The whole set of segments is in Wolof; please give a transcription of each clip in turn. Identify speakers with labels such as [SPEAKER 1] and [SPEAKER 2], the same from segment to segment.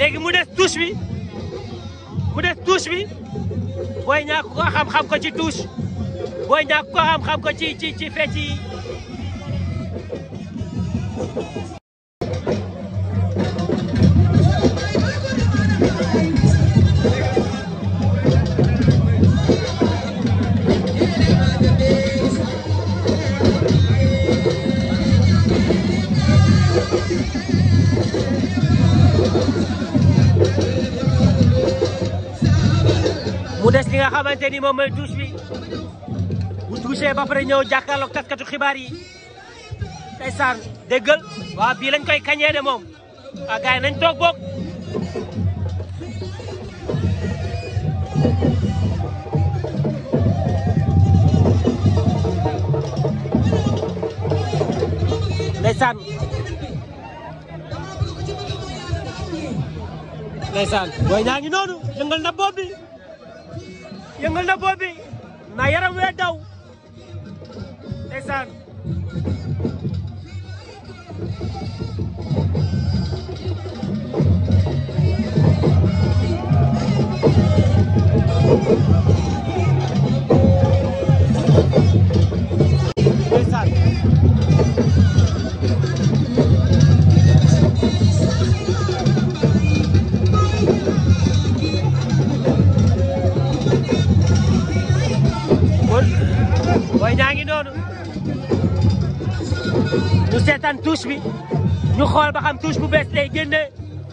[SPEAKER 1] léegi mu des touche bi mu des touche bi booy ñaa ko xam xam ko ci touche booy ñaa ko xam xam ko ci ci ci fecc xamante ni moom mooy touche bi bu ba pare ñëw jàkkaarloog taskatu xibaar yi ndeysaan déggal waaw bii lañ koy kañee de moom waa ah, nañ toog boog ndeysaan ndeysaan booy ñaa ngi noonu na boob yëngal na boobu na yaram wee daw ndeysaan Thank ñu xool ba xam touche bu bees lay génnee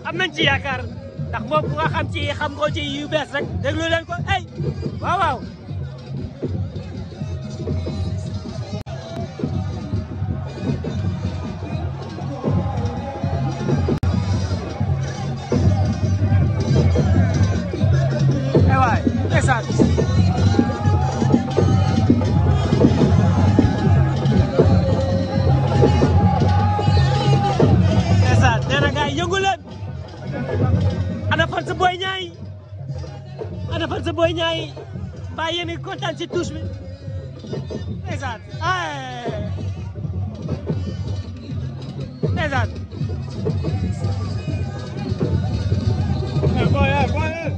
[SPEAKER 1] am nañ ci yaakaar ndax moom ku xam ci xam nga ci yu bees rek déglu leen ko ay waaw waaw. Eh, yéen a ngi kontaan ci touche bi ndeysaan ndeysaan Boy, boy,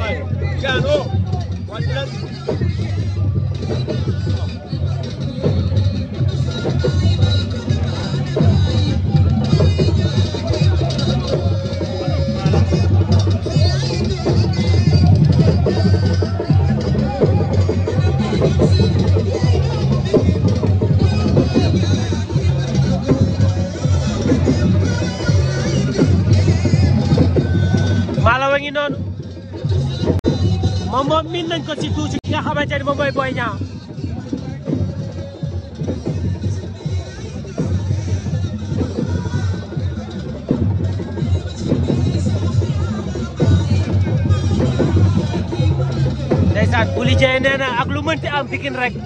[SPEAKER 1] boy. Gano. One plus. nañ ko ci tuuti ki nga xamante ni moom mooy Boy Niang ndeysaan Bouly Dieng nee na ak lu mënti am Pikine rek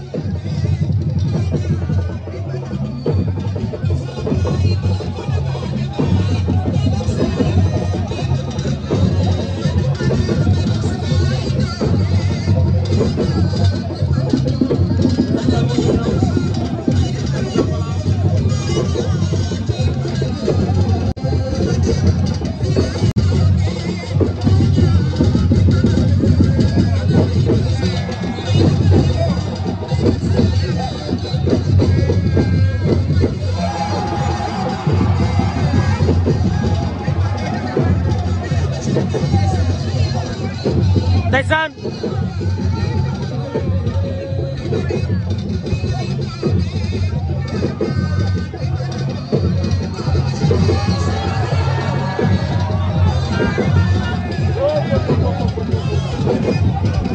[SPEAKER 1] ndeysaan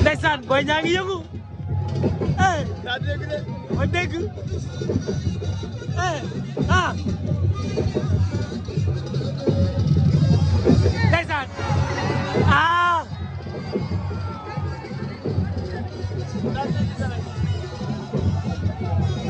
[SPEAKER 1] ndeysaan booy ñaa ngi yëngu eh ma dégg eh ah.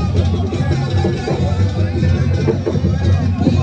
[SPEAKER 1] Thank you.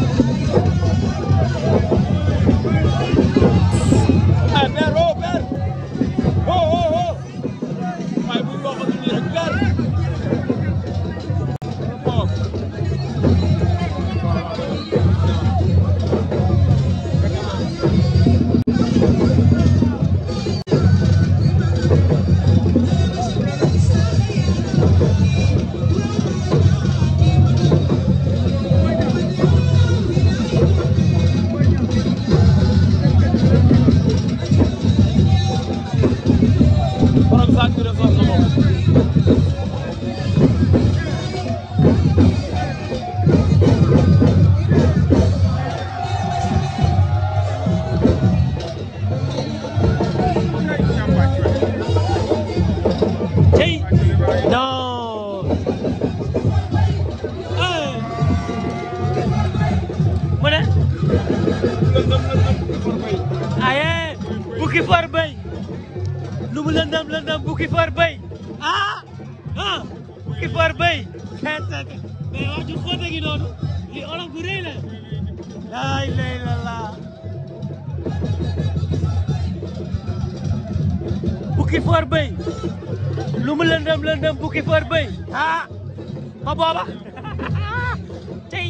[SPEAKER 1] aye bukki for bëy lu mu lëndëm lëndëm bukki for bëy ah ah bukki for bëy noonu li olof bu rëy laa ilaaha illallaah bukki for bëy lëndëm lëndëm bukki for bëy ah, booba tey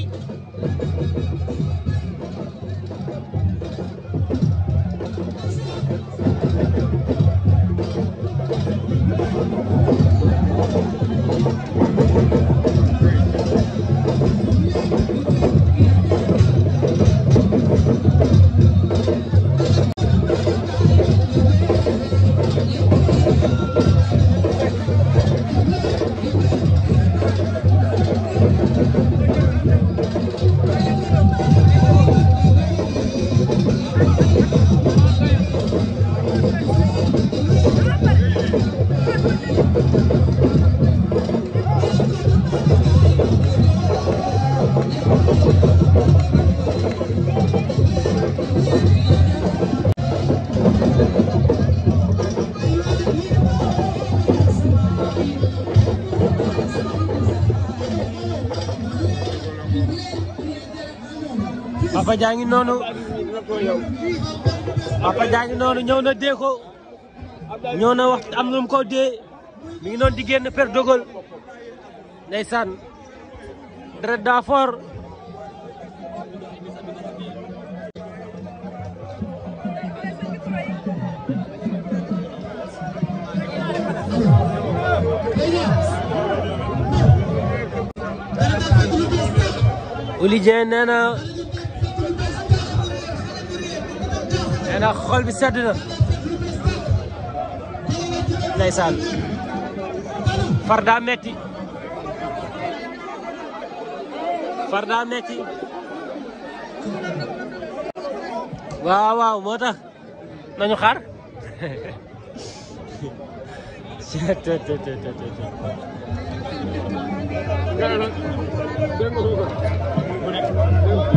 [SPEAKER 1] Papa Dia ngi noonu Papa Dia ngi na dee ko na wax am lu mu ko dee mi ngi noonu di génn per dogal ndeysaan deret daa fort Oly Dieng nee nee na xol bi sedd na ndeysaan far daa metti far daa metti waaw waaw moo tax nañu xaar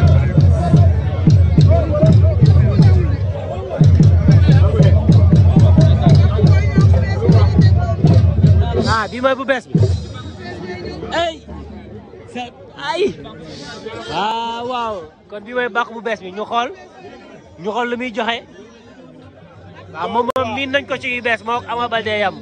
[SPEAKER 1] bi mooy bu bees bi ay sa ay waaw ah, waaw kon bi mooy bàq bu bees bi ñu xool ñu xool lu muy joxe waaw ah, moom moom miin nañ ko ci yu bees moo Ama Baldé yam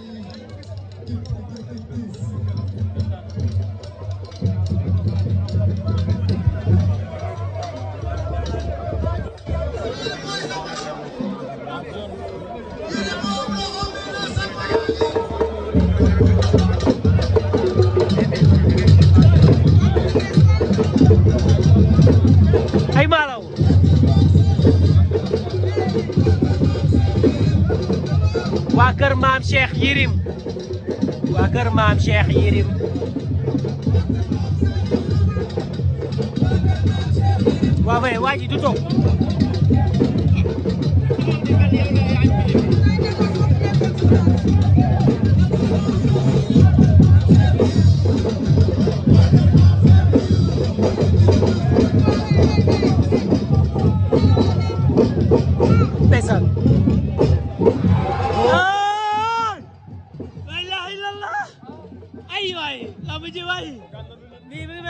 [SPEAKER 1] maam Cheikh Yirim waa kër maam Cheikh Yirim waaw waaye waa ji du toog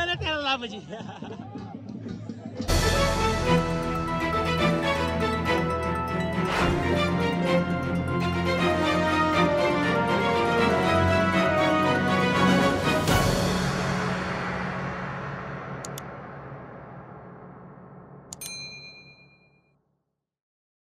[SPEAKER 1] gën a teel làmb ji